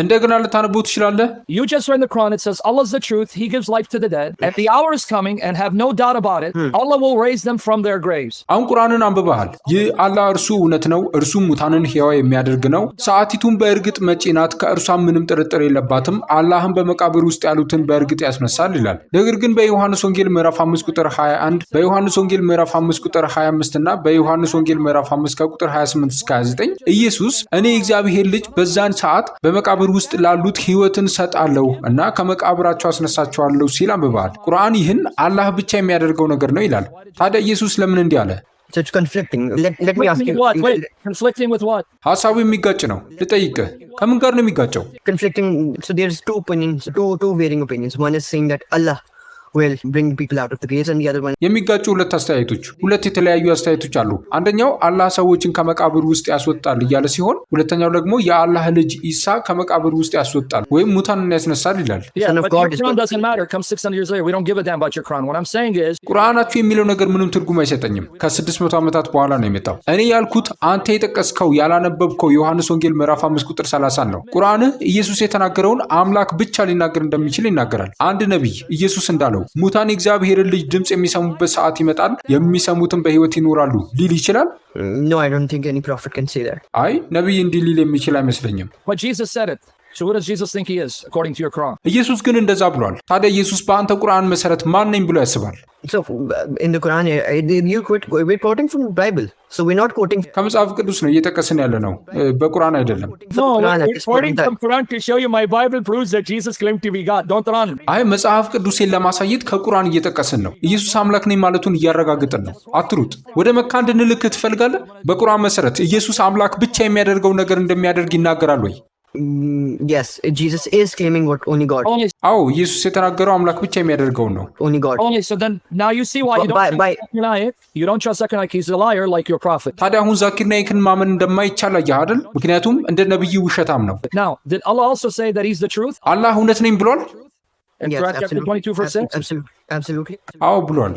እንደገና ልታነቡት ትችላለ። hmm. አሁን ቁርአንን አንብበሃል። ይህ አላህ እርሱ እውነት ነው፣ እርሱም ሙታንን ሕያው የሚያደርግ ነው። ሰዓቲቱን በእርግጥ መጪ ናት፣ ከእርሷም ምንም ጥርጥር የለባትም። አላህም በመቃብር ውስጥ ያሉትን በእርግጥ ያስነሳል ይላል። ነገር ግን በዮሐንስ ወንጌል ምዕራፍ 5 ቁጥር 21 በዮሐንስ ወንጌል ምዕራፍ 5 ቁጥር 25 እና በዮሐንስ ወንጌል ምዕራፍ 5 ከቁጥር 28 እስከ 29 ኢየሱስ እኔ የእግዚአብሔር ልጅ በዛን ሰዓት በመቃብር ውስጥ ላሉት ህይወትን ሰጣለሁ እና ከመቃብራቸው አስነሳቸዋለሁ ሲል አንብበሃል። ቁርአን ይህን አላህ ብቻ የሚያደርገው ነገር ነው ይላል። ታዲያ ኢየሱስ ለምን እንዲህ አለ? ሀሳቡ የሚጋጭ ነው። ልጠይቅህ፣ ከምን ጋር ነው የሚጋጨው? የሚጋጩ ሁለት አስተያየቶች ሁለት የተለያዩ አስተያየቶች አሉ። አንደኛው አላህ ሰዎችን ከመቃብር ውስጥ ያስወጣል እያለ ሲሆን፣ ሁለተኛው ደግሞ የአላህ ልጅ ኢሳ ከመቃብር ውስጥ ያስወጣል ወይም ሙታንና ያስነሳል ይላል። ቁርአናችሁ የሚለው ነገር ምንም ትርጉም አይሰጠኝም። ከ600 ዓመታት በኋላ ነው የመጣው። እኔ ያልኩት አንተ የጠቀስከው ያላነበብከው ዮሐንስ ወንጌል ምዕራፍ 5 ቁጥር 30 ነው። ቁርአንህ ኢየሱስ የተናገረውን አምላክ ብቻ ሊናገር እንደሚችል ይናገራል። አንድ ነቢይ ኢየሱስ እንዳለው ሙታን የእግዚአብሔርን ልጅ ድምፅ የሚሰሙበት ሰዓት ይመጣል፣ የሚሰሙትም በህይወት ይኖራሉ ሊል ይችላል? አይ ነቢይ እንዲህ ሊል የሚችል አይመስለኝም። ኢየሱስ ግን እንደዛ ብሏል። ታዲያ ኢየሱስ በአንተ ቁርአን መሰረት ማን ነኝ ብሎ ያስባል? Uh, uh, uh, ከመጽሐፍ ቅዱስ ነው እየጠቀስን ያለ ነው፣ በቁርአን አይደለም። አይ መጽሐፍ ቅዱሴን ለማሳየት ከቁርአን እየጠቀስን ነው። ኢየሱስ አምላክ ነኝ ማለቱን እያረጋግጥን ነው። አትሩጥ። ወደ መካ እንድንልክህ ትፈልጋለህ? በቁርአን መሰረት ኢየሱስ አምላክ ብቻ የሚያደርገው ነገር እንደሚያደርግ ይናገራል ወይ? Mm, አዎ ኢየሱስ የተናገረው አምላክ ብቻ የሚያደርገውን ነው። ታዲያ አሁን ዛኪርና ይክን ማመን እንደማይቻል አየህ አይደል? ምክንያቱም እንደ ነቢይ ውሸታም ነው። አላህ እውነት ነኝ ብሏል። አዎ ብሏል።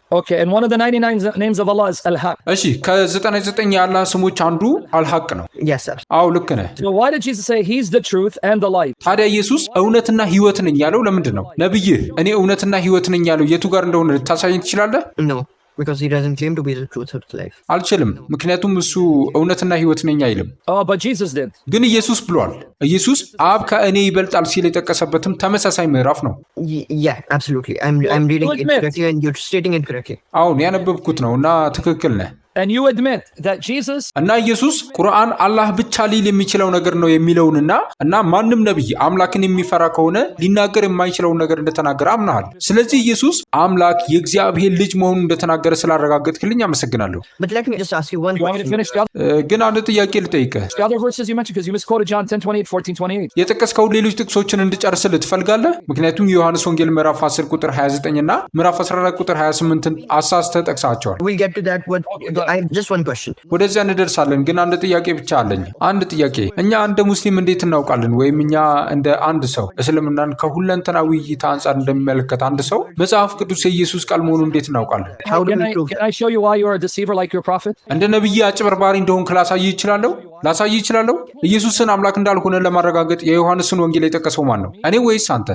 እሺ ከዘጠና ዘጠኝ የአላህ ስሞች አንዱ አልሐቅ ነው። አዎ ልክ ነህ። ታዲያ ኢየሱስ እውነትና ሕይወት ነኝ ያለው ለምንድን ነው? ነብይህ እኔ እውነትና ሕይወት ነኝ ያለው የቱ ጋር እንደሆነ ልታሳየን ትችላለህ? አልችልም፣ ምክንያቱም እሱ እውነትና ሕይወት ነኝ አይልም። oh, ግን ኢየሱስ ብሏል። ኢየሱስ አብ ከእኔ ይበልጣል ሲል የጠቀሰበትም ተመሳሳይ ምዕራፍ ነው። አሁን ያነበብኩት ነው እና ትክክል ነህ። እና ኢየሱስ ቁርአን አላህ ብቻ ሊል የሚችለው ነገር ነው የሚለውንና እና ማንም ነቢይ አምላክን የሚፈራ ከሆነ ሊናገር የማይችለውን ነገር እንደተናገረ አምናሃል። ስለዚህ ኢየሱስ አምላክ የእግዚአብሔር ልጅ መሆኑን እንደተናገረ ስላረጋገጥክልኝ አመሰግናለሁ። uh, ግን አንድ ጥያቄ ልጠይቅህ። የጠቀስከው ሌሎች ጥቅሶችን እንድጨርስል ትፈልጋለህ? ምክንያቱም የዮሐንስ ወንጌል ምዕራፍ 10 ቁጥር 29 እና ምዕራፍ 14 ቁጥር 28ን አሳስተህ ጠቅሳቸዋል። just ወደዚያ እንደርሳለን፣ ግን አንድ ጥያቄ ብቻ አለኝ። አንድ ጥያቄ እኛ እንደ ሙስሊም እንዴት እናውቃለን? ወይም እኛ እንደ አንድ ሰው እስልምናን ከሁለንተናዊ እይታ አንጻር እንደሚመለከት አንድ ሰው መጽሐፍ ቅዱስ የኢየሱስ ቃል መሆኑ እንዴት እናውቃለን? እንደ ነቢይ አጭበርባሪ እንደሆን ክላሳይ ይችላለሁ ላሳይ ይችላለሁ። ኢየሱስን አምላክ እንዳልሆነ ለማረጋገጥ የዮሐንስን ወንጌል የጠቀሰው ማን ነው? እኔ ወይስ አንተ?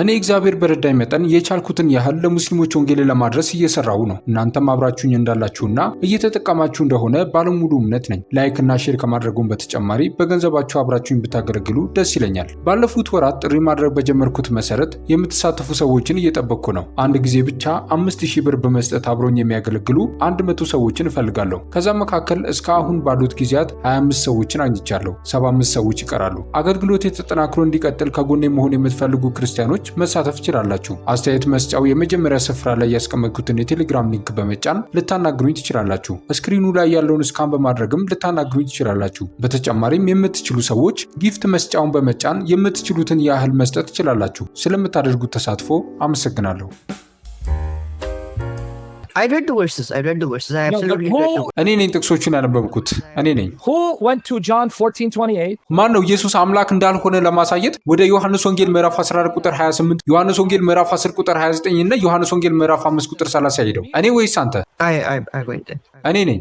እኔ እግዚአብሔር በረዳኝ መጠን የቻልኩትን ያህል ለሙስሊሞች ወንጌልን ለማድረስ እየሰራው ነው። እናንተም አብራችሁኝ እንዳላችሁና እየተጠቀማችሁ እንደሆነ ባለሙሉ እምነት ነኝ። ላይክና ሼር ከማድረጉን በተጨማሪ በገንዘባችሁ አብራችሁኝ ብታገለግሉ ደስ ይለኛል። ባለፉት ወራት ጥሪ ማድረግ በጀመርኩት መሰረት የምትሳተፉ ሰዎችን እየጠበቅኩ ነው። አንድ ጊዜ ብቻ አምስት ሺህ ብር በመስጠት አብሮኝ የሚያገለግሉ አንድ መቶ ሰዎችን እፈልጋለሁ። ከዛ መካከል እስከ አሁን ባሉት ጊዜያት 25 ሰዎችን አግኝቻለሁ። 75 ሰዎች ይቀራሉ። አገልግሎት የተጠናክሮ እንዲቀጥል ከጎኔ መሆን የምትፈልጉ ክርስቲያኖች መሳተፍ ትችላላችሁ። አስተያየት መስጫው የመጀመሪያ ስፍራ ላይ ያስቀመጥኩትን የቴሌግራም ሊንክ በመጫን ልታናግሩኝ ትችላላችሁ። ስክሪኑ ላይ ያለውን እስካን በማድረግም ልታናግሩኝ ትችላላችሁ። በተጨማሪም የምትችሉ ሰዎች ጊፍት መስጫውን በመጫን የምትችሉትን ያህል መስጠት ትችላላችሁ። ስለምታደርጉት ተሳትፎ አመሰግናለሁ። I've read the verses. I've read the verses. I absolutely no, እኔ ጥቅሶቹን ያነበብኩት እኔ ነኝ። Who went to John 14:28? ማን ነው ኢየሱስ አምላክ እንዳልሆነ ለማሳየት ወደ ዮሐንስ ወንጌል ምዕራፍ 14 ቁጥር 28፣ ዮሐንስ ወንጌል ምዕራፍ 10 ቁጥር 29 እና ዮሐንስ ወንጌል ምዕራፍ 5 ቁጥር 30 ሄደው እኔ ወይስ አንተ? እኔ ነኝ።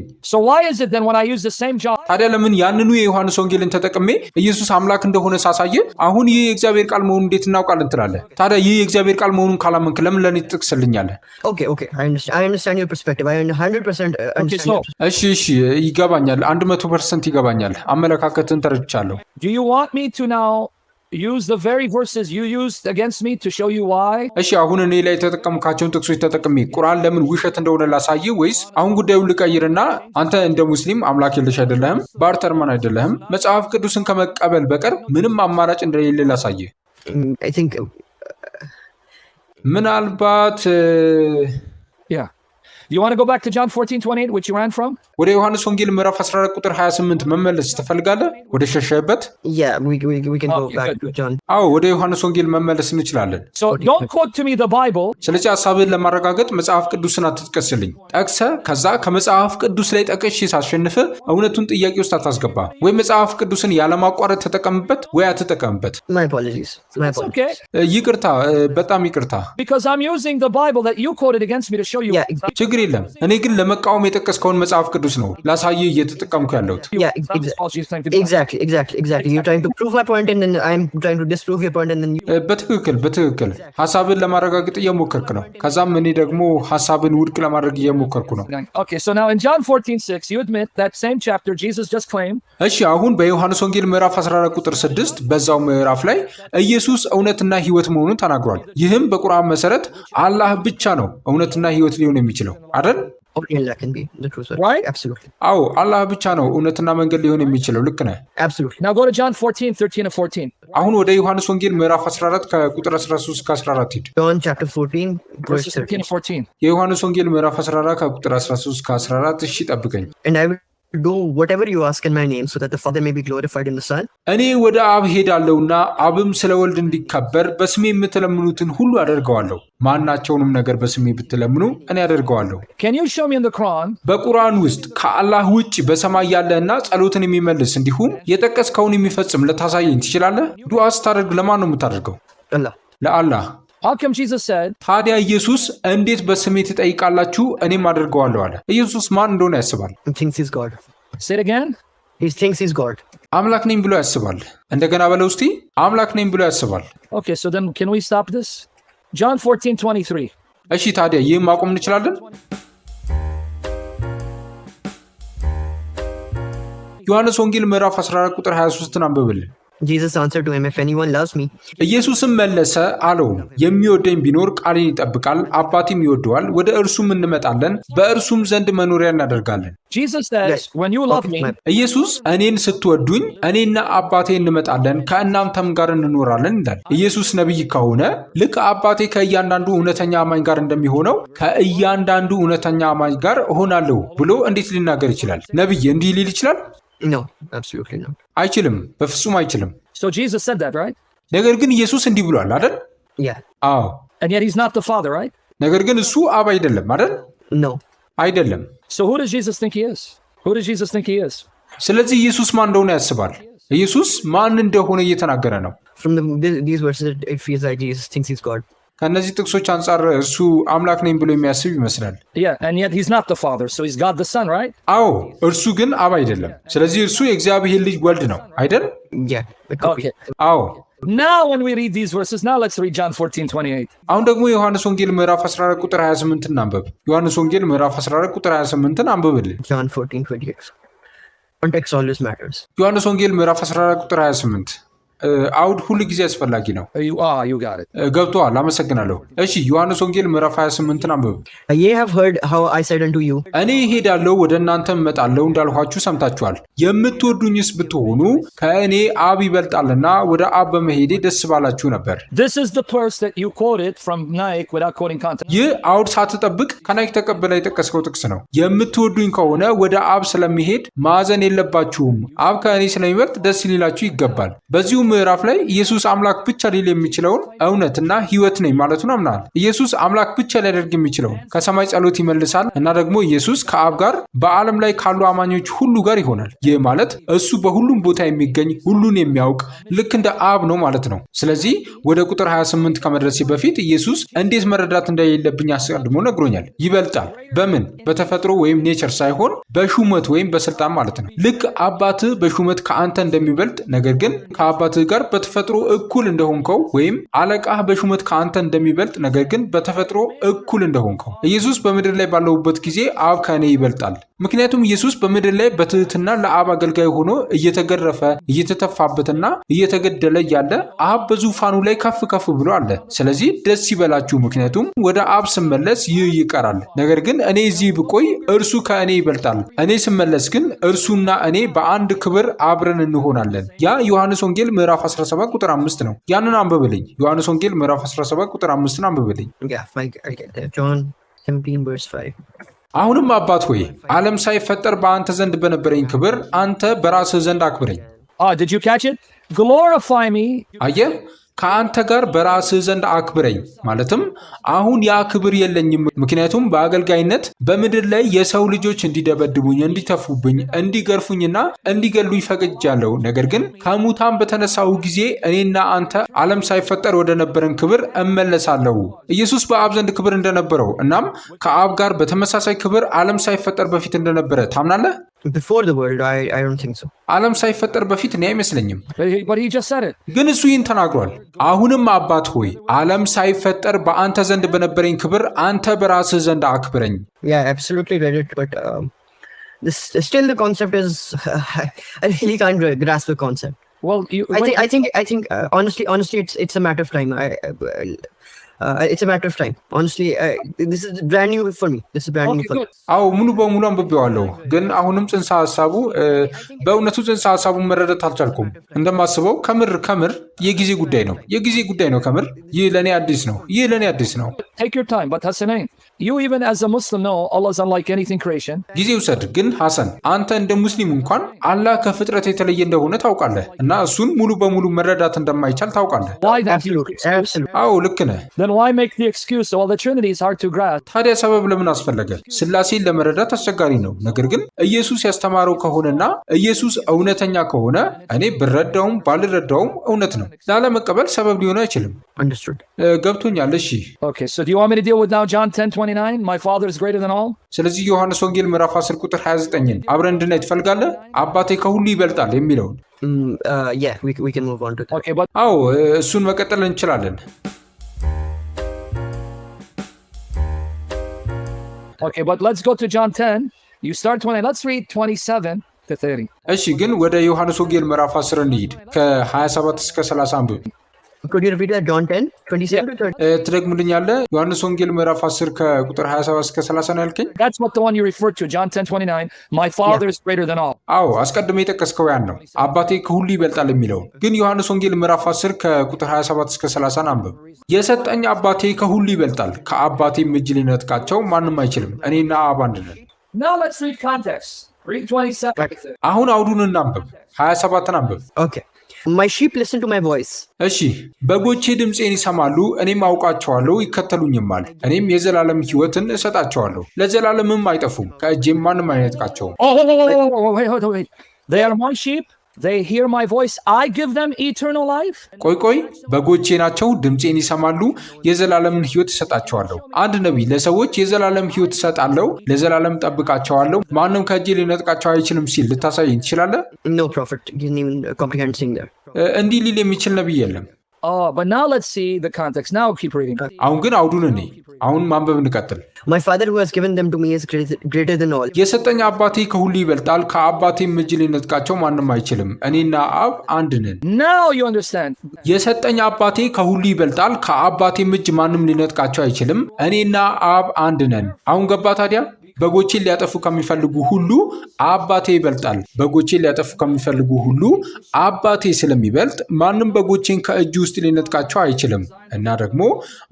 ታዲያ ለምን ያንኑ የዮሐንስ ወንጌልን ተጠቅሜ ኢየሱስ አምላክ እንደሆነ ሳሳየ አሁን ይህ የእግዚአብሔር ቃል መሆኑ እንዴት እናውቃለን ትላለህ? ታዲያ ይህ የእግዚአብሔር ቃል መሆኑን ካላመንክ ለምን ለእኔ ትጠቅስልኛለህ? እሺ እሺ፣ ይገባኛል። አንድ መቶ ፐርሰንት ይገባኛል። አመለካከትን ተረድቻለሁ። እሺ አሁን እኔ ላይ የተጠቀምካቸውን ጥቅሶች ተጠቅሜ ቁርአን ለምን ውሸት እንደሆነ ላሳይ ወይስ አሁን ጉዳዩን ልቀይርና አንተ እንደ ሙስሊም አምላክ የለሽ አይደለህም፣ ባርተርማን አይደለህም፣ መጽሐፍ ቅዱስን ከመቀበል በቀር ምንም አማራጭ እንደሌለ ላሳየ? Uh, ምናልባት You want to go back to John 14, 28, which you ran from? ወደ ዮሐንስ ወንጌል ምዕራፍ 14 ቁጥር 28 መመለስ ትፈልጋለህ? ወደ ሸሸበት? Yeah, we, we, we can go back to John. አዎ ወደ ዮሐንስ ወንጌል መመለስ እንችላለን። So don't quote to me the Bible. ስለዚህ ሐሳብህን ለማረጋገጥ መጽሐፍ ቅዱስን አትጥቀስልኝ። ጠቅሰህ ከዛ ከመጽሐፍ ቅዱስ ላይ ጠቅሼ ሳሸንፍ እውነቱን ጥያቄ ውስጥ አታስገባ። ወይ መጽሐፍ ቅዱስን ያለማቋረጥ ተጠቀምበት ወይ አትጠቀምበት። ይቅርታ፣ በጣም ይቅርታ። ችግር ችግር የለም። እኔ ግን ለመቃወም የጠቀስከውን መጽሐፍ ቅዱስ ነው ላሳየ እየተጠቀምኩ ያለሁት። eh, በትክክል በትክክል ሀሳብን ለማረጋገጥ እየሞከርክ ነው። ከዛም እኔ ደግሞ ሀሳብን ውድቅ ለማድረግ እየሞከርኩ ነው። እሺ አሁን በዮሐንስ ወንጌል ምዕራፍ 14 ቁጥር 6 በዛው ምዕራፍ ላይ ኢየሱስ እውነትና ሕይወት መሆኑን ተናግሯል። ይህም በቁርአን መሰረት አላህ ብቻ ነው እውነትና ሕይወት ሊሆን የሚችለው። አይደል? አዎ አላህ ብቻ ነው እውነትና መንገድ ሊሆን የሚችለው። ልክ ነህ። አሁን ወደ ዮሐንስ ወንጌል ምዕራፍ 14 ከቁጥር 13 እስከ 14 ሂድ። የዮሐንስ ወንጌል ምዕራፍ 14 ከቁጥር 13 እስከ 14። እሺ ጠብቀኝ do whatever you ask in my name so that the Father may be glorified in the Son. እኔ ወደ አብ ሄዳለሁና አብም ስለ ወልድ እንዲከበር በስሜ የምትለምኑትን ሁሉ አደርገዋለሁ። ማናቸውንም ነገር በስሜ ብትለምኑ እኔ አደርገዋለሁ። በቁርአን ውስጥ ከአላህ ውጭ በሰማይ ያለ ጸሎትን የሚመልስ እንዲሁም የጠቀስከውን የሚፈጽም ለታሳየኝ ትችላለህ? ዱዓ ስታደርግ ለማን ነው የምታደርገው? ለአላህ ታዲያ ኢየሱስ እንዴት በስሜ ትጠይቃላችሁ? እኔም አድርገዋለሁ አለ። ኢየሱስ ማን እንደሆነ ያስባል። አምላክ ነኝ ብሎ ያስባል። እንደገና በለው እስቲ አምላክ ነኝ ብሎ ያስባል። እሺ ታዲያ ይህም ማቆም እንችላለን? ዮሐንስ ወንጌል ምዕራፍ 14 ቁጥር 23ን አንብብልን። ኢየሱስም መለሰ አለው የሚወደኝ ቢኖር ቃሌን ይጠብቃል፣ አባቴም ይወደዋል፣ ወደ እርሱም እንመጣለን፣ በእርሱም ዘንድ መኖሪያ እናደርጋለን። ኢየሱስ እኔን ስትወዱኝ እኔና አባቴ እንመጣለን፣ ከእናንተም ጋር እንኖራለን ይላል። ኢየሱስ ነቢይ ከሆነ ልክ አባቴ ከእያንዳንዱ እውነተኛ አማኝ ጋር እንደሚሆነው ከእያንዳንዱ እውነተኛ አማኝ ጋር እሆናለሁ ብሎ እንዴት ሊናገር ይችላል? ነቢይ እንዲህ ሊል ይችላል? No, absolutely not. አይችልም፣ በፍጹም አይችልም። So Jesus said that, right? ነገር ግን ኢየሱስ እንዲህ ብሏል አይደል? Yeah. አዎ። And yet he's not the father, right? ነገር ግን እሱ አብ አይደለም አይደል? No. አይደለም። So who does Jesus think he is? Who does Jesus think he is? ስለዚህ ኢየሱስ ማን እንደሆነ ያስባል። ኢየሱስ ማን እንደሆነ እየተናገረ ነው። From the, these verses, it feels like Jesus thinks he's God. ከእነዚህ ጥቅሶች አንጻር እሱ አምላክ ነኝ ብሎ የሚያስብ ይመስላል። አዎ እርሱ ግን አብ አይደለም። ስለዚህ እርሱ የእግዚአብሔር ልጅ ወልድ ነው አይደል? አዎ። አሁን ደግሞ ዮሐንስ ወንጌል ምዕራፍ 14 ቁጥር 28 እናንብብ። ዮሐንስ ወንጌል ምዕራፍ 14 ቁጥር 28 John 14:28. Context always matters. ዮሐንስ ወንጌል ምዕራፍ 14 ቁጥር 28 አውድ ሁል ጊዜ አስፈላጊ ነው። ገብተዋል። አመሰግናለሁ። እሺ ዮሐንስ ወንጌል ምዕራፍ 28 አንብብ። እኔ እሄዳለሁ ወደ እናንተ እመጣለሁ እንዳልኋችሁ ሰምታችኋል። የምትወዱኝስ ብትሆኑ ከእኔ አብ ይበልጣልና ወደ አብ በመሄዴ ደስ ባላችሁ ነበር። ይህ አውድ ሳትጠብቅ ከናይክ ተቀብላ የጠቀስከው ጥቅስ ነው። የምትወዱኝ ከሆነ ወደ አብ ስለሚሄድ ማዘን የለባችሁም። አብ ከእኔ ስለሚበልጥ ደስ ሊላችሁ ይገባል። በዚሁም ምዕራፍ ላይ ኢየሱስ አምላክ ብቻ ሊል የሚችለውን እውነትና ህይወት ነኝ ማለቱን አምናል። ኢየሱስ አምላክ ብቻ ሊያደርግ የሚችለውን ከሰማይ ጸሎት ይመልሳል እና ደግሞ ኢየሱስ ከአብ ጋር በዓለም ላይ ካሉ አማኞች ሁሉ ጋር ይሆናል። ይህ ማለት እሱ በሁሉም ቦታ የሚገኝ ሁሉን የሚያውቅ ልክ እንደ አብ ነው ማለት ነው። ስለዚህ ወደ ቁጥር 28 ከመድረሴ በፊት ኢየሱስ እንዴት መረዳት እንደሌለብኝ አስቀድሞ ነግሮኛል። ይበልጣል በምን በተፈጥሮ ወይም ኔቸር ሳይሆን በሹመት ወይም በስልጣን ማለት ነው። ልክ አባትህ በሹመት ከአንተ እንደሚበልጥ ነገር ግን ከአባት ከአባትህ ጋር በተፈጥሮ እኩል እንደሆንከው ወይም አለቃህ በሹመት ከአንተ እንደሚበልጥ ነገር ግን በተፈጥሮ እኩል እንደሆንከው። ኢየሱስ በምድር ላይ ባለሁበት ጊዜ አብ ከእኔ ይበልጣል። ምክንያቱም ኢየሱስ በምድር ላይ በትህትና ለአብ አገልጋይ ሆኖ እየተገረፈ እየተተፋበትና እየተገደለ እያለ አብ በዙፋኑ ላይ ከፍ ከፍ ብሎ አለ። ስለዚህ ደስ ይበላችሁ፣ ምክንያቱም ወደ አብ ስመለስ ይህ ይቀራል። ነገር ግን እኔ እዚህ ብቆይ እርሱ ከእኔ ይበልጣል። እኔ ስመለስ ግን እርሱና እኔ በአንድ ክብር አብረን እንሆናለን። ያ ዮሐንስ ወንጌል ምዕራፍ 17 ቁጥር አምስት ነው። ያንን አንብብልኝ። ዮሐንስ ወንጌል ምዕራፍ 17 ቁጥር አምስትን አንብብልኝ። አሁንም አባት ሆይ ዓለም ሳይፈጠር በአንተ ዘንድ በነበረኝ ክብር አንተ በራስህ ዘንድ አክብረኝ። ah, አየህ ከአንተ ጋር በራስህ ዘንድ አክብረኝ። ማለትም አሁን ያ ክብር የለኝም፣ ምክንያቱም በአገልጋይነት በምድር ላይ የሰው ልጆች እንዲደበድቡኝ፣ እንዲተፉብኝ፣ እንዲገርፉኝና እንዲገሉኝ ፈቅጃለሁ። ነገር ግን ከሙታን በተነሳሁ ጊዜ እኔና አንተ ዓለም ሳይፈጠር ወደ ነበረን ክብር እመለሳለሁ። ኢየሱስ በአብ ዘንድ ክብር እንደነበረው እናም ከአብ ጋር በተመሳሳይ ክብር ዓለም ሳይፈጠር በፊት እንደነበረ ታምናለህ? ዓለም ሳይፈጠር በፊት እኔ አይመስለኝም፣ ግን እሱ ይህን ተናግሯል። አሁንም አባት ሆይ ዓለም ሳይፈጠር በአንተ ዘንድ በነበረኝ ክብር አንተ በራስህ ዘንድ አክብረኝ። ኢትስ ማተር ኦፍ ታይም ሆነስትሊ ዲስ ኢዝ ብራንድ ኒው ፎር ሚ ዲስ ኢዝ ብራንድ ኒው ፎር ሚ። አዎ ሙሉ በሙሉ አንብቤዋለሁ፣ ግን አሁንም ጽንሰ ሀሳቡ በእውነቱ ጽንሰ ሀሳቡን መረዳት አልቻልኩም። እንደማስበው ከምር ከምር የጊዜ ጉዳይ ነው፣ የጊዜ ጉዳይ ነው። ከምር ይህ ለእኔ አዲስ ነው፣ ይህ ለእኔ አዲስ ነው። ጊዜ ውሰድ ግን ሐሰን፣ አንተ እንደ ሙስሊም እንኳን አላህ ከፍጥረት የተለየ እንደሆነ ታውቃለህ እና እሱን ሙሉ በሙሉ መረዳት እንደማይቻል ታውቃለህ። አዎ ልክ ነህ። ታዲያ ሰበብ ለምን አስፈለገ? ስላሴን ለመረዳት አስቸጋሪ ነው። ነገር ግን ኢየሱስ ያስተማረው ከሆነና ኢየሱስ እውነተኛ ከሆነ እኔ ብረዳውም ባልረዳውም እውነት ነው። ላለመቀበል ሰበብ ሊሆን አይችልም። አንደርስቱድ uh, ገብቶኛል። እሺ ኦኬ ሶ ዱ ዩ ዋንት ሚ ቱ ዲል ዊዝ ናው ጆን 10:29 ማይ ፋዘር ኢዝ ግሬተር ዘን ኦል። ስለዚህ ዮሐንስ ወንጌል ምዕራፍ 10 ቁጥር 29ን አብረን እንድናይ ትፈልጋለህ? አባቴ ከሁሉ ይበልጣል የሚለውን mm, uh, አዎ፣ uh, እሱን መቀጠል እንችላለን። Okay, but let's go to John 10. You start 20. Let's read 27 to እሺ ግን ወደ ዮሐንስ ወንጌል ምዕራፍ 10 እንሂድ ከ27 እስከ 30 አንብብ። ፕሮዲር ቪዲዮ uh, ዮሐንስ ወንጌል ምዕራፍ 10 ከቁጥር 27 እስከ 30 ነው ያልከኝ። አዎ አስቀድመህ የጠቀስከው ያን ነው፣ አባቴ ከሁሉ ይበልጣል የሚለውን ግን ዮሐንስ ወንጌል ምዕራፍ 10 ከቁጥር 27 እስከ 30 አንብብ። የሰጠኝ አባቴ ከሁሉ ይበልጣል፣ ከአባቴም እጅ ሊነጥቃቸው ማንም አይችልም፣ እኔና አብ አንድ ነን። አሁን አውዱን እናንብብ፣ 27ን አንብብ። ማይ ሺፕ ሊስን ቱ ማይ ቮይስ። እሺ በጎቼ ድምፄን ይሰማሉ፣ እኔም አውቃቸዋለሁ፣ ይከተሉኝማል። እኔም የዘላለም ህይወትን እሰጣቸዋለሁ፣ ለዘላለምም አይጠፉም፣ ከእጄም ማንም አይነጥቃቸውም። oh, ቆይ ቆይ በጎቼ ናቸው፣ ድምፄን ይሰማሉ፣ የዘላለምን ሕይወት እሰጣቸዋለሁ። አንድ ነቢይ ለሰዎች የዘላለም ሕይወት እሰጣለሁ፣ ለዘላለም ጠብቃቸዋለሁ፣ ማንም ከእጄ ሊነጥቃቸው አይችልም ሲል ልታሳየኝ ትችላለህ? እንዲህ ሊል የሚችል ነቢይ የለም። oh, አሁን ግን አውዱን እኔ አሁን ማንበብ እንቀጥል። የሰጠኝ አባቴ ከሁሉ ይበልጣል፣ ከአባቴም እጅ ሊነጥቃቸው ማንም አይችልም። እኔና አብ አንድ ነን። የሰጠኝ አባቴ ከሁሉ ይበልጣል፣ ከአባቴም እጅ ማንም ሊነጥቃቸው አይችልም። እኔና አብ አንድ ነን። አሁን ገባ ታዲያ በጎቼን ሊያጠፉ ከሚፈልጉ ሁሉ አባቴ ይበልጣል። በጎቼን ሊያጠፉ ከሚፈልጉ ሁሉ አባቴ ስለሚበልጥ ማንም በጎቼን ከእጅ ውስጥ ሊነጥቃቸው አይችልም እና ደግሞ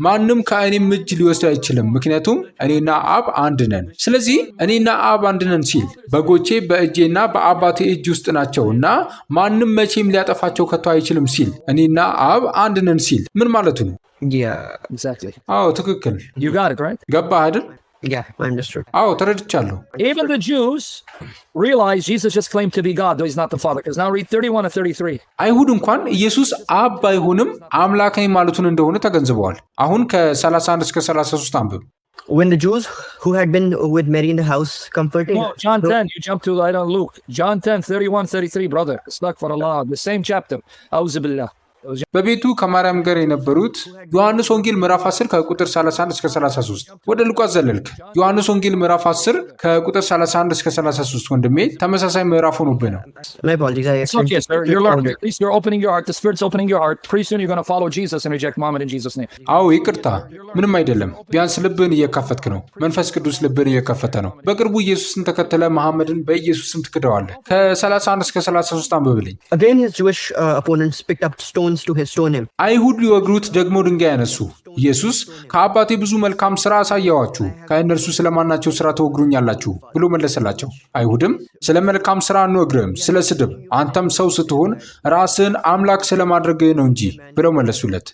ማንም ከእኔም እጅ ሊወስድ አይችልም፣ ምክንያቱም እኔና አብ አንድ ነን። ስለዚህ እኔና አብ አንድ ነን ሲል በጎቼ በእጄና በአባቴ እጅ ውስጥ ናቸው እና ማንም መቼም ሊያጠፋቸው ከቶ አይችልም ሲል እኔና አብ አንድ ነን ሲል ምን ማለቱ ነው? አዎ ትክክል ገባህ አይደል? Yeah, I understood. Oh, Even the Jews realize Jesus just claimed to be God, though he's not the Father. Because now read 31 and 33. አይሁድ እንኳን ኢየሱስ አብ ባይሆንም አምላካዊ ማለቱን እንደሆነ ተገንዝበዋል። አሁን ከ31 እስከ 33 አንብብ። When the Jews who had been with Mary in the house comforting no, John 10, you jump to I don't Luke. John 10, 31, 33, brother. It's luck for Allah. The same chapter. Auzubillah. በቤቱ ከማርያም ጋር የነበሩት ዮሐንስ ወንጌል ምዕራፍ 10 ከቁጥር 31 እስከ 33። ወደ ሉቃስ ዘለልክ። ዮሐንስ ወንጌል ምዕራፍ 10 ከቁጥር 31 እስከ 33 ወንድሜ ተመሳሳይ ምዕራፍ ሆኖብህ ነው። አዎ ይቅርታ፣ ምንም አይደለም። ቢያንስ ልብን እየከፈትክ ነው። መንፈስ ቅዱስ ልብን እየከፈተ ነው። በቅርቡ ኢየሱስን ተከተለ መሐመድን በኢየሱስም ትክደዋለህ። ከ31 እስከ 33 አንብብልኝ። አይሁድ ሊወግሩት ደግሞ ድንጋይ ያነሱ። ኢየሱስ ከአባቴ ብዙ መልካም ሥራ አሳየዋችሁ ከእነርሱ ስለማናቸው ሥራ ተወግሩኛላችሁ ብሎ መለሰላቸው። አይሁድም ስለ መልካም ሥራ አንወግርም፣ ስለ ስድብ፣ አንተም ሰው ስትሆን ራስህን አምላክ ስለማድረግህ ነው እንጂ ብለው መለሱለት።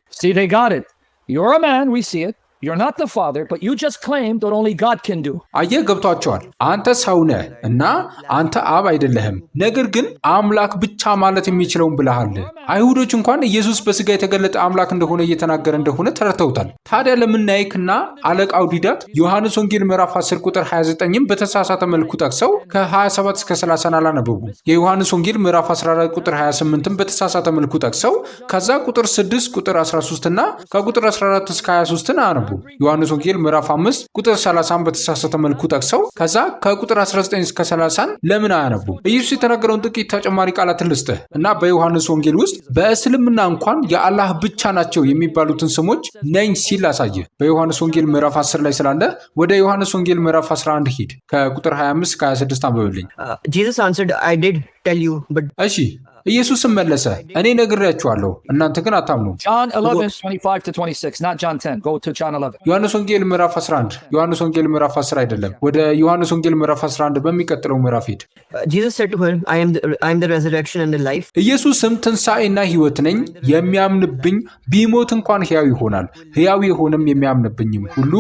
አየህ ገብቷቸዋል። አንተ ሰው ነህ እና አንተ አብ አይደለህም፣ ነገር ግን አምላክ ብቻ ማለት የሚችለውን ብለሃል። አይሁዶች እንኳን ኢየሱስ በስጋ የተገለጠ አምላክ እንደሆነ እየተናገረ እንደሆነ ተረድተውታል። ታዲያ ለምን ናይክና አለቃው ዲዳት ዮሐንስ ወንጌል ምዕራፍ 10 ቁጥር 29ን በተሳሳተ መልኩ ጠቅሰው ከ27 እስከ 30 አላነበቡም? የዮሐንስ ወንጌል ምዕራፍ 14 ቁጥር 28ን በተሳሳተ መልኩ ጠቅሰው ከዛ ቁጥር 6 ቁጥር 13 እና ከቁጥር 14 እስከ 23ን አነቡ አስገቡ። ዮሐንስ ወንጌል ምዕራፍ 5 ቁጥር 30 በተሳሳተ መልኩ ጠቅሰው ከዛ ከቁጥር 19 እስከ 30 ለምን አያነቡ? ኢየሱስ የተናገረውን ጥቂት ተጨማሪ ቃላትን ልስጥህ እና በዮሐንስ ወንጌል ውስጥ በእስልምና እንኳን የአላህ ብቻ ናቸው የሚባሉትን ስሞች ነኝ ሲል አሳየ። በዮሐንስ ወንጌል ምዕራፍ 10 ላይ ስላለ ወደ ዮሐንስ ወንጌል ምዕራፍ 11 ሂድ። ከቁጥር 25 እስከ 26 አንብብልኝ። uh, እሺ ኢየሱስም መለሰ እኔ ነግሬያችኋለሁ፣ እናንተ ግን አታምኑ። ዮሐንስ ወንጌል ምዕራፍ 11 ዮሐንስ ወንጌል ምዕራፍ 10 አይደለም፣ ወደ ዮሐንስ ወንጌል ምዕራፍ 11 በሚቀጥለው ምዕራፍ ሂድ። ኢየሱስም ትንሣኤና ሕይወት ነኝ፣ የሚያምንብኝ ቢሞት እንኳን ሕያው ይሆናል፣ ሕያው የሆነም የሚያምንብኝም ሁሉ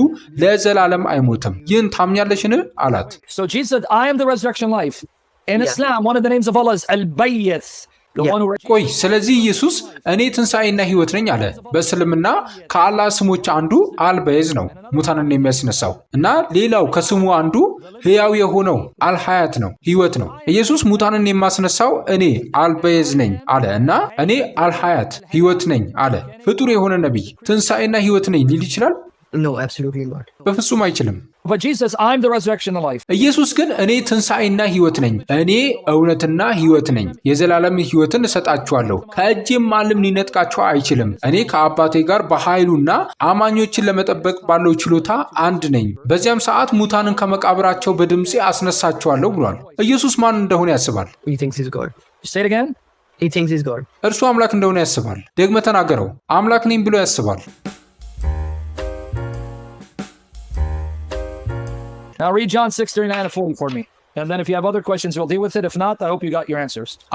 ለዘላለም አይሞትም። ይህን ታምኛለሽን? አላት። ቆይ ስለዚህ ኢየሱስ እኔ ትንሣኤና ሕይወት ነኝ አለ። በእስልምና ከአላ ስሞች አንዱ አልበይዝ ነው ሙታንን የሚያስነሳው እና ሌላው ከስሙ አንዱ ሕያው የሆነው አልሀያት ነው ሕይወት ነው። ኢየሱስ ሙታንን የማስነሳው እኔ አልበየዝ ነኝ አለ እና እኔ አልሀያት ሕይወት ነኝ አለ። ፍጡር የሆነ ነቢይ ትንሣኤና ሕይወት ነኝ ሊል ይችላል? በፍጹም አይችልም። ኢየሱስ ግን እኔ ትንሣኤና ሕይወት ነኝ፣ እኔ እውነትና ሕይወት ነኝ፣ የዘላለም ሕይወትን እሰጣችኋለሁ፣ ከእጄም ማንም ሊነጥቃቸው አይችልም። እኔ ከአባቴ ጋር በኃይሉና አማኞችን ለመጠበቅ ባለው ችሎታ አንድ ነኝ። በዚያም ሰዓት ሙታንን ከመቃብራቸው በድምፄ አስነሳቸዋለሁ ብሏል። ኢየሱስ ማን እንደሆነ ያስባል? እርሱ አምላክ እንደሆነ ያስባል። ደግመ ተናገረው። አምላክ ነኝ ብሎ ያስባል። Now read John 6 39 to 40 for me.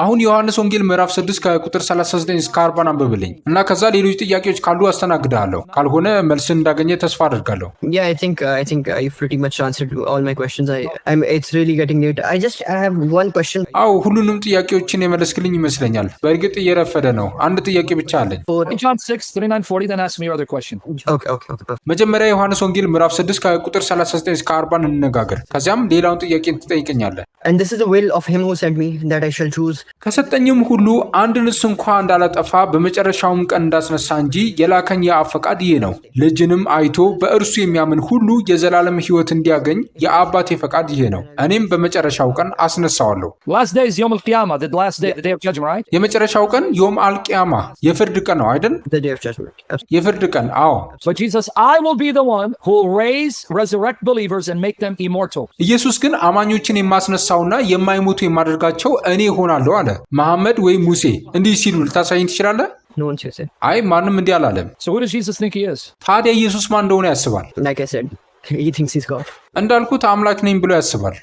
አሁን ዮሐንስ ወንጌል ምዕራፍ 6 ከቁጥር 39 እስከ 40 አንብብልኝ እና ከዛ ሌሎች ጥያቄዎች ካሉ አስተናግድሃለሁ። ካልሆነ መልስን እንዳገኘ ተስፋ አድርጋለሁ። uh, uh, አዎ ሁሉንም ጥያቄዎችን የመለስክልኝ ይመስለኛል። በእርግጥ እየረፈደ ነው። አንድ ጥያቄ ብቻ አለኝ። መጀመሪያ ዮሐንስ ወንጌል ምዕራፍ 6 ከቁጥር 39 እስከ 40 እንነጋገር። ከዚያም ሌላውን ጥያቄ ትጠይቅ ትጠይቀኛለህ? ከሰጠኝም ሁሉ አንድን እንኳ እንዳላጠፋ በመጨረሻውም ቀን እንዳስነሳ እንጂ የላከኝ የአብ ፈቃድ ይህ ነው። ልጅንም አይቶ በእርሱ የሚያምን ሁሉ የዘላለም ሕይወት እንዲያገኝ የአባቴ ፈቃድ ይሄ ነው። እኔም በመጨረሻው ቀን አስነሳዋለሁ። የመጨረሻው ቀን ዮም አልቅያማ የፍርድ ቀን ነው አይደል? የፍርድ ቀን አዎ። ኢየሱስ ግን አማኞችን ሰዎችን የማስነሳውና የማይሞቱ የማደርጋቸው እኔ እሆናለሁ አለ። መሐመድ ወይም ሙሴ እንዲህ ሲሉ ልታሳየኝ ትችላለህ? አይ ማንም እንዲህ አላለም። ታዲያ ኢየሱስ ማን እንደሆነ ያስባል? እንዳልኩት አምላክ ነኝ ብሎ ያስባል።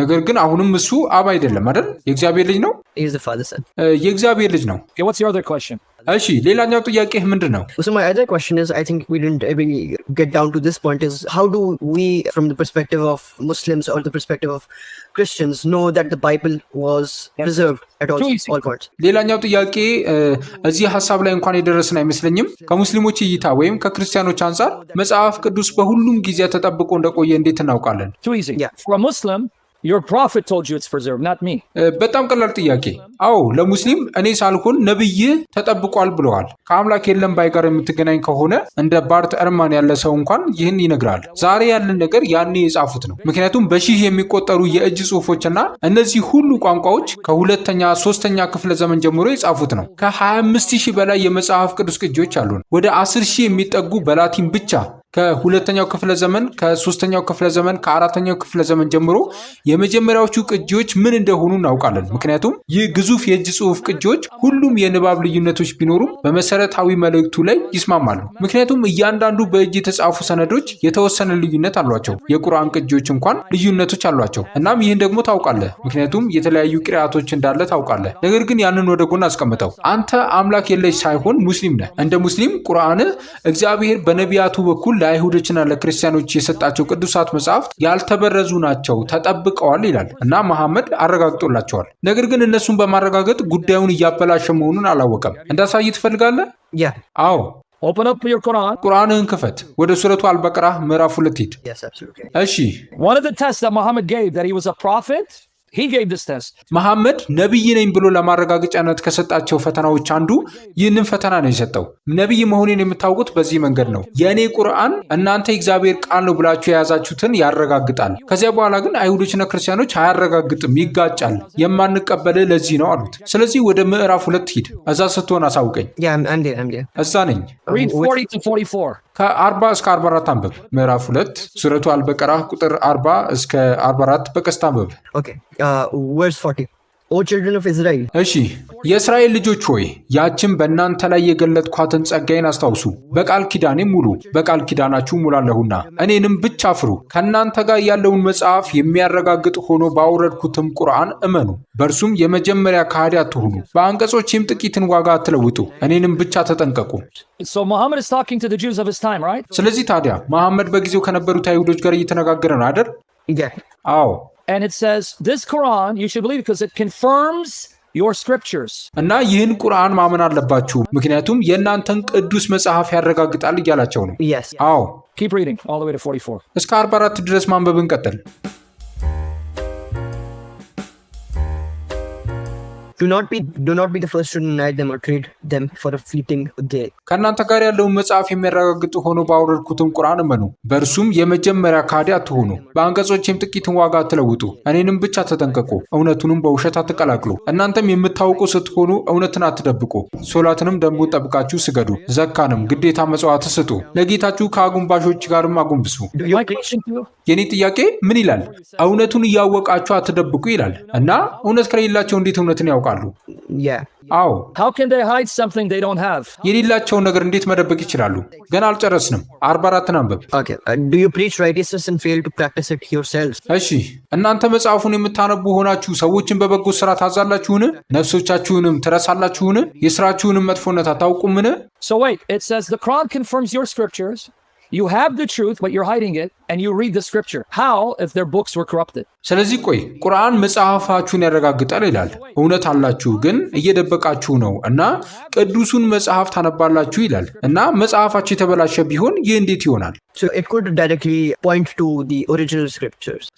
ነገር ግን አሁንም እሱ አብ አይደለም አይደል? የእግዚአብሔር ልጅ ነው። ኢዝ ዘ ፋዘር ሰን የእግዚአብሔር ልጅ ነው። ዋትስ ዮር አዘር ኳስችን? እሺ ሌላኛው ጥያቄህ ምንድን ነው? ሶ ማይ አዘር ኳስችን ኢዝ አይ ቲንክ ዊ ዲድንት ጌት ዳውን ቱ ዚስ ፖይንት ኢዝ ሃው ዱ ዊ ፍሮም ዘ ፐርስፔክቲቭ ኦፍ ሙስሊምስ ኦር ዘ ፐርስፔክቲቭ ኦፍ ክርስቲያንስ ኖ ዛት ዘ ባይብል ዋዝ ፕሪዘርቭድ አት ኦል ኦል ፖይንትስ። ሌላኛው ጥያቄ እዚህ ሀሳብ ላይ እንኳን የደረስን አይመስለኝም። ከሙስሊሞች እይታ ወይም ከክርስቲያኖች አንጻር መጽሐፍ ቅዱስ በሁሉም ጊዜ ተጠብቆ እንደቆየ እንዴት እናውቃለን? Eh, በጣም ቀላል ጥያቄ። አዎ ለሙስሊም እኔ ሳልሆን ነብይ ተጠብቋል ብለዋል። ከአምላክ የለም ባይ ጋር የምትገናኝ ከሆነ እንደ ባርት እርማን ያለ ሰው እንኳን ይህን ይነግራል። ዛሬ ያለን ነገር ያኔ የጻፉት ነው። ምክንያቱም በሺህ የሚቆጠሩ የእጅ ጽሁፎችና እነዚህ ሁሉ ቋንቋዎች ከሁለተኛ ሶስተኛ ክፍለ ዘመን ጀምሮ የጻፉት ነው። ከ25 ሺህ በላይ የመጽሐፍ ቅዱስ ቅጂዎች አሉን። ወደ 10 ሺህ የሚጠጉ በላቲን ብቻ ከሁለተኛው ክፍለ ዘመን ከሶስተኛው ክፍለ ዘመን ከአራተኛው ክፍለ ዘመን ጀምሮ የመጀመሪያዎቹ ቅጂዎች ምን እንደሆኑ እናውቃለን። ምክንያቱም ይህ ግዙፍ የእጅ ጽሑፍ ቅጂዎች ሁሉም የንባብ ልዩነቶች ቢኖሩም በመሰረታዊ መልእክቱ ላይ ይስማማሉ። ምክንያቱም እያንዳንዱ በእጅ የተጻፉ ሰነዶች የተወሰነ ልዩነት አሏቸው። የቁርአን ቅጂዎች እንኳን ልዩነቶች አሏቸው። እናም ይህን ደግሞ ታውቃለህ፣ ምክንያቱም የተለያዩ ቅርያቶች እንዳለ ታውቃለህ። ነገር ግን ያንን ወደ ጎን አስቀምጠው። አንተ አምላክ የለሽ ሳይሆን ሙስሊም ነህ። እንደ ሙስሊም ቁርአን እግዚአብሔር በነቢያቱ በኩል ለአይሁዶችና ለክርስቲያኖች የሰጣቸው ቅዱሳት መጽሐፍት ያልተበረዙ ናቸው፣ ተጠብቀዋል ይላል እና መሐመድ አረጋግጦላቸዋል። ነገር ግን እነሱን በማረጋገጥ ጉዳዩን እያበላሸ መሆኑን አላወቀም። እንዳሳይ ትፈልጋለህ? አዎ። ቁርአንህን ክፈት። ወደ ሱረቱ አልበቀራ ምዕራፍ ሁለት ሂድ። እሺ መሐመድ ነቢይ ነኝ ብሎ ለማረጋገጫነት ከሰጣቸው ፈተናዎች አንዱ ይህንን ፈተና ነው የሰጠው። ነቢይ መሆኔን የምታውቁት በዚህ መንገድ ነው። የእኔ ቁርአን እናንተ የእግዚአብሔር ቃል ነው ብላችሁ የያዛችሁትን ያረጋግጣል። ከዚያ በኋላ ግን አይሁዶችና ክርስቲያኖች አያረጋግጥም፣ ይጋጫል። የማንቀበል ለዚህ ነው አሉት። ስለዚህ ወደ ምዕራፍ ሁለት ሂድ፣ እዛ ስትሆን አሳውቀኝ። እዛ ነኝ ከ እስከ 44 አንብብ። ምዕራፍ ሁለት ሱረቱ አልበቀራ ቁጥር 40 እስከ 44 በቀስታ አንብብ። uh, እሺ የእስራኤል ልጆች ሆይ ያችን በእናንተ ላይ የገለጥኳትን ጸጋዬን አስታውሱ። በቃል ኪዳኔ ሙሉ፣ በቃል ኪዳናችሁ ሙላለሁና እኔንም ብቻ ፍሩ። ከእናንተ ጋር ያለውን መጽሐፍ የሚያረጋግጥ ሆኖ ባወረድኩትም ቁርአን እመኑ። በእርሱም የመጀመሪያ ካህዲ አትሁኑ፣ በአንቀጾችም ጥቂትን ዋጋ አትለውጡ። እኔንም ብቻ ተጠንቀቁ። ስለዚህ ታዲያ መሐመድ በጊዜው ከነበሩት አይሁዶች ጋር እየተነጋገረ ነው አደር? አዎ And it says, This Quran, you should believe because it confirms እና ይህን ቁርአን ማመን አለባችሁ ምክንያቱም የእናንተን ቅዱስ መጽሐፍ ያረጋግጣል እያላቸው ነው። አዎ እስከ 44 ድረስ ማንበብን ቀጥል። Do not be do not be the first to deny them or trade them for a fleeting day. ከእናንተ ጋር ያለውን መጽሐፍ የሚያረጋግጥ ሆኖ ባወረድኩትም ቁርአን እመኑ፣ በእርሱም የመጀመሪያ ካዲ አትሆኑ፣ በአንቀጾችም ጥቂትን ዋጋ አትለውጡ። እኔንም ብቻ ተጠንቀቁ፣ እውነቱንም በውሸት አትቀላቅሉ። እናንተም የምታውቁ ስትሆኑ እውነትን አትደብቁ። ሶላትንም ደንቡ ጠብቃችሁ ስገዱ፣ ዘካንም ግዴታ መጽዋዕት ስጡ፣ ለጌታችሁ ከአጉንባሾች ጋርም አጉንብሱ። የኔ ጥያቄ ምን ይላል? እውነቱን እያወቃችሁ አትደብቁ ይላል እና እውነት ከሌላቸው እንዴት እውነትን ያውቃል? ይደብቃሉ። አዎ፣ የሌላቸውን ነገር እንዴት መደበቅ ይችላሉ? ገና አልጨረስንም። አርባ አራትን አንብብ። uh, እሺ፣ እናንተ መጽሐፉን የምታነቡ ሆናችሁ ሰዎችን በበጎ ስራ ታዛላችሁን? ነፍሶቻችሁንም ትረሳላችሁን? የስራችሁንም መጥፎነት አታውቁምን? ሶ ዌይት ኢት ሰዝ ዘ ቁርአን ኮንፈርምስ ዮር ስክሪፕቸርስ ዩ ሃቭ ዘ ትሩዝ በት ዩር ሃይዲንግ ኢት ስለዚህ ቆይ ቁርአን መጽሐፋችሁን ያረጋግጣል ይላል። እውነት አላችሁ ግን እየደበቃችሁ ነው እና ቅዱሱን መጽሐፍ ታነባላችሁ ይላል እና መጽሐፋችሁ የተበላሸ ቢሆን ይህ እንዴት ይሆናል?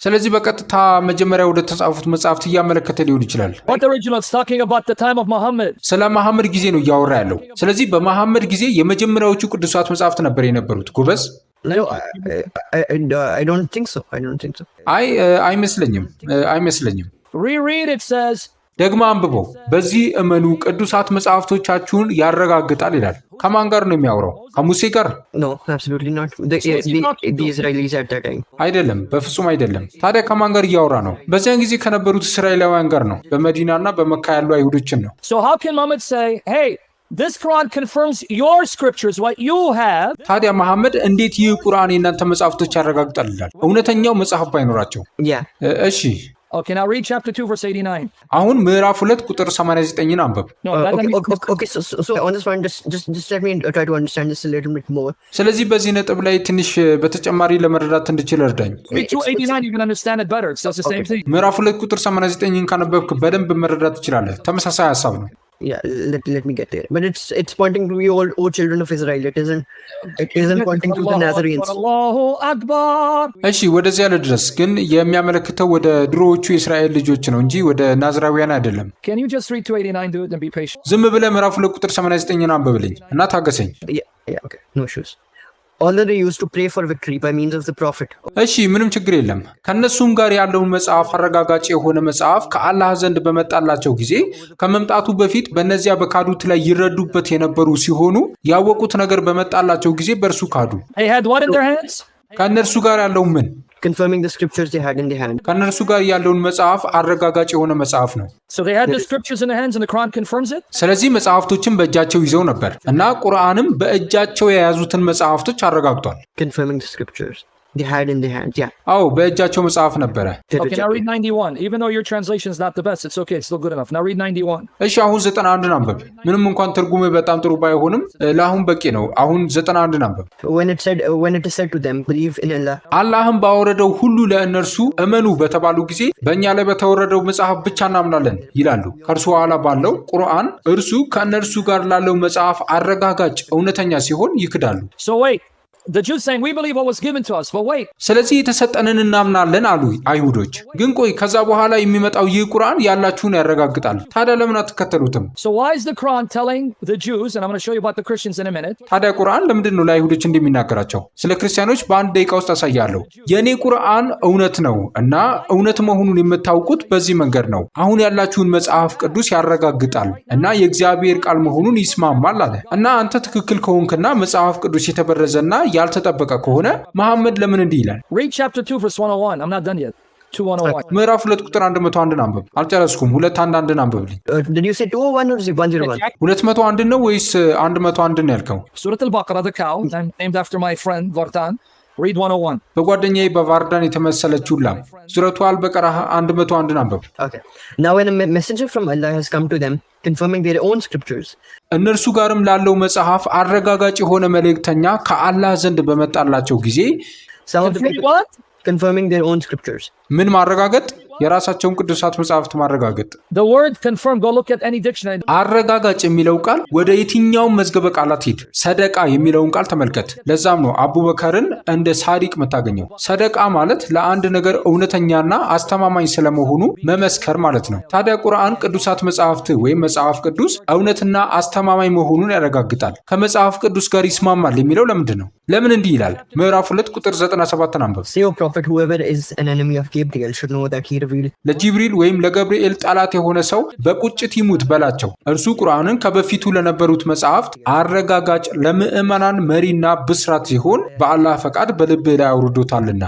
ስለዚህ በቀጥታ መጀመሪያ ወደ ተጻፉት መጽሐፍት እያመለከተ ሊሆን ይችላል። ስለ መሐመድ ጊዜ ነው እያወራ ያለው። ስለዚህ በመሐመድ ጊዜ የመጀመሪያዎቹ ቅዱሳት መጽሐፍት ነበር የነበሩት። ጎበዝ ነው አይ ዶንት ቲንክ ሶ አይ ዶንት ቲንክ ሶ አይ አይመስለኝም አይመስለኝም ሪሪድ ኢት ሰዝ ደግሞ አንብበው በዚህ እመኑ ቅዱሳት መጽሐፍቶቻችሁን ያረጋግጣል ይላል። ከማን ጋር ነው የሚያወራው? ከሙሴ ጋር አይደለም፣ በፍጹም አይደለም። ታዲያ ከማን ጋር እያወራ ነው? በዚያን ጊዜ ከነበሩት እስራኤላውያን ጋር ነው። በመዲናና በመካ ያሉ አይሁዶችን ነው። ታዲያ መሐመድ እንዴት ይህ ቁርአን የእናንተ መጽሐፍቶች ያረጋግጣልላል? እውነተኛው መጽሐፍ ባይኖራቸው። እሺ አሁን ምዕራፍ ሁለት ቁጥር 89ን አንብብ። ስለዚህ በዚህ ነጥብ ላይ ትንሽ በተጨማሪ ለመረዳት እንድችል እርዳኝ። ምዕራፍ ሁለት ቁጥር 89ን ካነበብክ በደንብ መረዳት ትችላለህ። ተመሳሳይ ሀሳብ ነው። yeah let, let me get there but it's it's pointing to you all oh children of israel it isn't it isn't pointing to the nazarenes እሺ ወደዚያ ልድረስ ግን የሚያመለክተው ወደ ድሮዎቹ የእስራኤል ልጆች ነው እንጂ ወደ ናዝራውያን አይደለም can you just read to do it and be patient ዝም ብለህ ምዕራፍ 2 ቁጥር 89 አንብብልኝ እና ታገሰኝ yeah yeah okay no issues እሺ ምንም ችግር የለም። ከእነሱም ጋር ያለውን መጽሐፍ አረጋጋጭ የሆነ መጽሐፍ ከአላህ ዘንድ በመጣላቸው ጊዜ ከመምጣቱ በፊት በእነዚያ በካዱት ላይ ይረዱበት የነበሩ ሲሆኑ ያወቁት ነገር በመጣላቸው ጊዜ በእርሱ ካዱ። ከእነርሱ ጋር ያለው ምን ከእነርሱ ጋር ያለውን መጽሐፍ አረጋጋጭ የሆነ መጽሐፍ ነው። ስለዚህ መጽሐፍቶችን በእጃቸው ይዘው ነበር እና ቁርአንም በእጃቸው የያዙትን መጽሐፍቶች አረጋግጧል። the አዎ በእጃቸው መጽሐፍ ነበረ okay now read 91 even though your translation is not the best it's okay it's still good enough now read 91 እሺ አሁን 91 አንብብ ምንም እንኳን ትርጉም በጣም ጥሩ ባይሆንም ለአሁን በቂ ነው አሁን 91 አንብብ when it said when it said to them believe in allah አላህም ባወረደው ሁሉ ለእነርሱ እመኑ በተባሉ ጊዜ በእኛ ላይ በተወረደው መጽሐፍ ብቻ እናምናለን ይላሉ ከእርሱ በኋላ ባለው ቁርአን እርሱ ከእነርሱ ጋር ላለው መጽሐፍ አረጋጋጭ እውነተኛ ሲሆን ይክዳሉ so wait ስለዚህ የተሰጠንን እናምናለን አሉ አይሁዶች። ግን ቆይ ከዛ በኋላ የሚመጣው ይህ ቁርአን ያላችሁን ያረጋግጣል። ታዲያ ለምን አትከተሉትም? ታዲያ ቁርአን ለምንድን ነው ለአይሁዶች እንደሚናገራቸው ስለ ክርስቲያኖች በአንድ ደቂቃ ውስጥ አሳያለሁ። የእኔ ቁርአን እውነት ነው እና እውነት መሆኑን የምታውቁት በዚህ መንገድ ነው። አሁን ያላችሁን መጽሐፍ ቅዱስ ያረጋግጣል እና የእግዚአብሔር ቃል መሆኑን ይስማማል አለ እና አንተ ትክክል ከሆንክና መጽሐፍ ቅዱስ የተበረዘና ያልተጠበቀ ከሆነ መሐመድ ለምን እንዲህ ይላል? Oh oh ምዕራፍ ሁለት ቁጥር 101ን አንብብ። አልጨረስኩም። ሁለት አንድ አንድን አንብብልኝ። uh, ሁለት መቶ አንድን ነው ወይስ አንድ መቶ አንድን ያልከው? Oh በጓደኛዬ በቫርዳን የተመሰለችው ላም ሱረቱ አልበቀራ አንድ መቶ አንድን አንብብ። እነርሱ ጋርም ላለው መጽሐፍ አረጋጋጭ የሆነ መልእክተኛ ከአላህ ዘንድ በመጣላቸው ጊዜ ምን ማረጋገጥ የራሳቸውን ቅዱሳት መጽሐፍት ማረጋገጥ። አረጋጋጭ የሚለው ቃል ወደ የትኛውም መዝገበ ቃላት ሂድ። ሰደቃ የሚለውን ቃል ተመልከት። ለዛም ነው አቡበከርን እንደ ሳዲቅ የምታገኘው። ሰደቃ ማለት ለአንድ ነገር እውነተኛና አስተማማኝ ስለመሆኑ መመስከር ማለት ነው። ታዲያ ቁርአን ቅዱሳት መጽሐፍት ወይም መጽሐፍ ቅዱስ እውነትና አስተማማኝ መሆኑን ያረጋግጣል። ከመጽሐፍ ቅዱስ ጋር ይስማማል የሚለው ለምንድን ነው? ለምን እንዲህ ይላል? ምዕራፍ 2 ቁጥር 97 አንብብ። ለጅብሪል ለጅብሪል ወይም ለገብርኤል ጠላት የሆነ ሰው በቁጭት ይሙት በላቸው። እርሱ ቁርአንን ከበፊቱ ለነበሩት መጽሐፍት አረጋጋጭ፣ ለምዕመናን መሪና ብስራት ሲሆን በአላህ ፈቃድ በልብ ላይ አውርዶታልና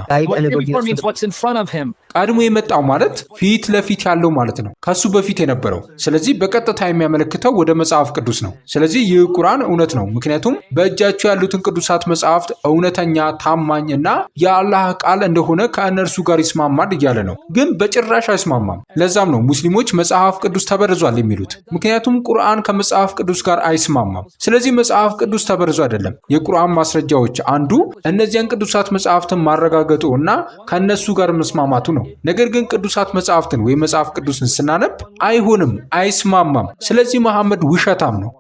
ቀድሞ የመጣው ማለት ፊት ለፊት ያለው ማለት ነው፣ ከሱ በፊት የነበረው። ስለዚህ በቀጥታ የሚያመለክተው ወደ መጽሐፍ ቅዱስ ነው። ስለዚህ ይህ ቁርአን እውነት ነው፣ ምክንያቱም በእጃቸው ያሉትን ቅዱሳት መጽሐፍት እውነተኛ፣ ታማኝ እና የአላህ ቃል እንደሆነ ከእነርሱ ጋር ይስማማል እያለ ነው። ግን በጭራሽ አይስማማም። ለዛም ነው ሙስሊሞች መጽሐፍ ቅዱስ ተበርዟል የሚሉት፣ ምክንያቱም ቁርአን ከመጽሐፍ ቅዱስ ጋር አይስማማም። ስለዚህ መጽሐፍ ቅዱስ ተበርዞ አይደለም። የቁርአን ማስረጃዎች አንዱ እነዚያን ቅዱሳት መጽሐፍትን ማረጋገጡ እና ከእነሱ ጋር መስማማቱ ነው። ነገር ግን ቅዱሳት መጽሐፍትን ወይም መጽሐፍ ቅዱስን ስናነብ አይሆንም፣ አይስማማም። ስለዚህ መሐመድ ውሸታም ነው።